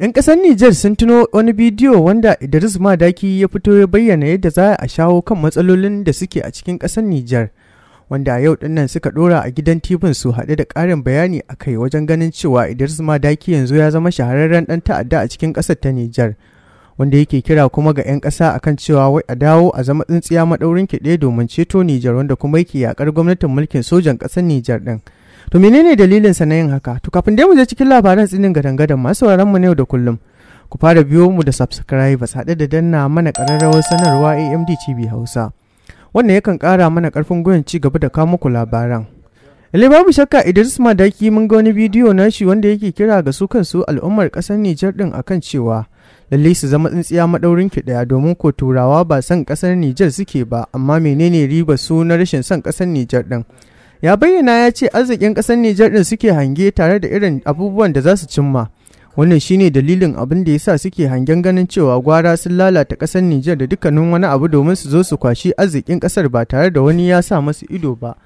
'Yan ƙasar Nijar sun tuno wani bidiyo wanda Idris Madaki ya fito ya bayyana yadda za a shawo kan matsalolin da suke a cikin kasar Nijar, wanda a yau dinnan suka dora a gidan tibin su haɗe da karin bayani a kai wajen ganin cewa Idris Madaki yanzu ya zama shahararren dan ta'adda a cikin ƙasar ta Nijar. Wanda yake kira kuma ga 'yan ƙasa akan cewa wai a dawo a zama tsintsiya maɗaurin kiɗe domin ceto Nijar wanda kuma yake yakar gwamnatin mulkin sojan ƙasar Nijar din. To menene dalilin sa na yin haka? To kafin dai mu je cikin labaran tsinin gadan-gadan masu mu ne da kullum. Ku fara biyo mu da subscribers haɗe da danna mana ƙararrawar sanarwa AMD TV Hausa. Wannan yakan ƙara mana ƙarfin gwiwar ci gaba da kawo muku labaran. Ile babu shakka Idris Madaki mun ga wani bidiyo na shi wanda yake kira ga su kansu al'ummar ƙasar Nijar din akan cewa lallai su zama tsintsiya maɗaurin ki ɗaya domin ko turawa ba san ƙasar Nijar suke ba amma menene riba su na rashin son ƙasar Nijar din. ya bayyana ya ce arzikin ƙasar Nijar ɗin suke hange tare da irin abubuwan da za su cimma. Wannan shine dalilin abin da ya sa suke hangen ganin cewa gwara sun lalata ƙasar Nijar da dukkanin wani abu domin su zo su kwashi arzikin kasar ba tare da wani ya sa masu ido ba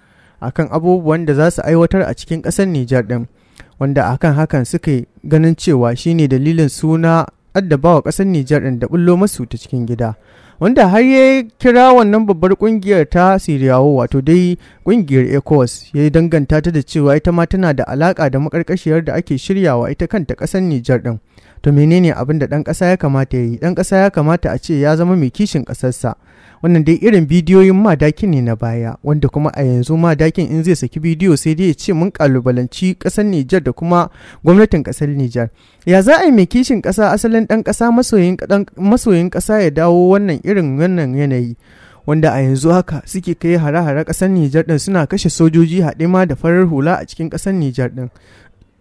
akan abubuwan da za su aiwatar a cikin ƙasar Nijar din Wanda akan hakan suke ganin cewa shine dalilin suna addabawa ƙasar Nijar din da bullo masu ta cikin gida. wanda har ya kira wannan babbar kungiyar ta siriyawo wato dai kungiyar Ecos ya yi danganta ta da cewa ita ma tana da alaka da makarkashiyar da ake shiryawa ita kanta kasar nijar din to menene abin da dan kasa ya kamata ya yi dan kasa ya kamata a ce ya zama mai kishin kasarsa wannan dai irin bidiyoyin dakin ne na baya wanda kuma a yanzu madakin in zai saki bidiyo sai dai ya ce mun kalubalanci kasar nijar da kuma gwamnatin kasar nijar ya za a yi mai kishin kasa asalin dan kasa masoyin kasa ya dawo wannan irin wannan yanayi wanda a yanzu haka suke kai hare-hare ƙasar Nijar ɗin suna kashe sojoji haɗe ma da farar hula a cikin ƙasar Nijar ɗin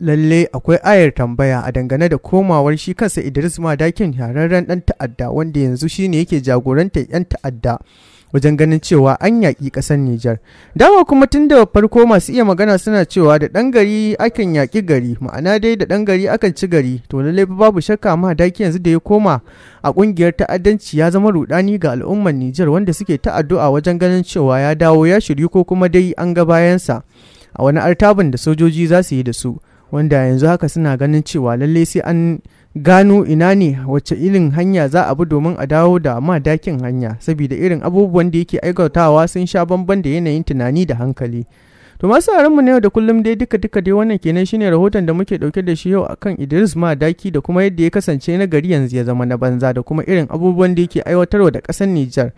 lalle akwai ayar tambaya a dangane da komawar shi kansa Idris Madakin yararren ɗan ta'adda wanda yanzu shine yake jagorantar 'yan ta'adda wajen ganin cewa an yaƙi ƙasar Nijar. Dama kuma tun da farko masu iya magana suna cewa da ɗan gari akan yaƙi gari ma'ana dai da ɗan gari akan ci gari to lallai babu shakka ma daki yanzu da ya koma a ƙungiyar ta'addanci ya zama rudani ga al'ummar Nijar wanda suke ta addu'a wajen ganin cewa ya dawo ya shiryu ko kuma dai an ga bayansa a wani artabin da sojoji za su yi da su. wanda yanzu haka suna ganin cewa lalle sai an gano ina ne wacce irin hanya za a bi domin a dawo da madakin hanya saboda irin abubuwan da yake aikatawa sun sha bamban da yanayin tunani da hankali to masu mu na yau da kullum dai duka duka dai wannan kenan shine rahoton da muke dauke da shi yau akan Idris Madaki da kuma yadda ya kasance na gari yanzu ya zama na banza da kuma irin abubuwan da yake aiwatarwa da kasar Nijar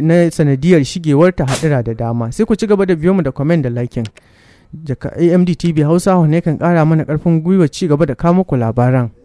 na sanadiyar shigewar ta hadira da dama sai ku ci gaba da biyo mu da comment da liking jaka amd tv hausa ne kan kara mana karfin gwiwa ci gaba da kama ku labaran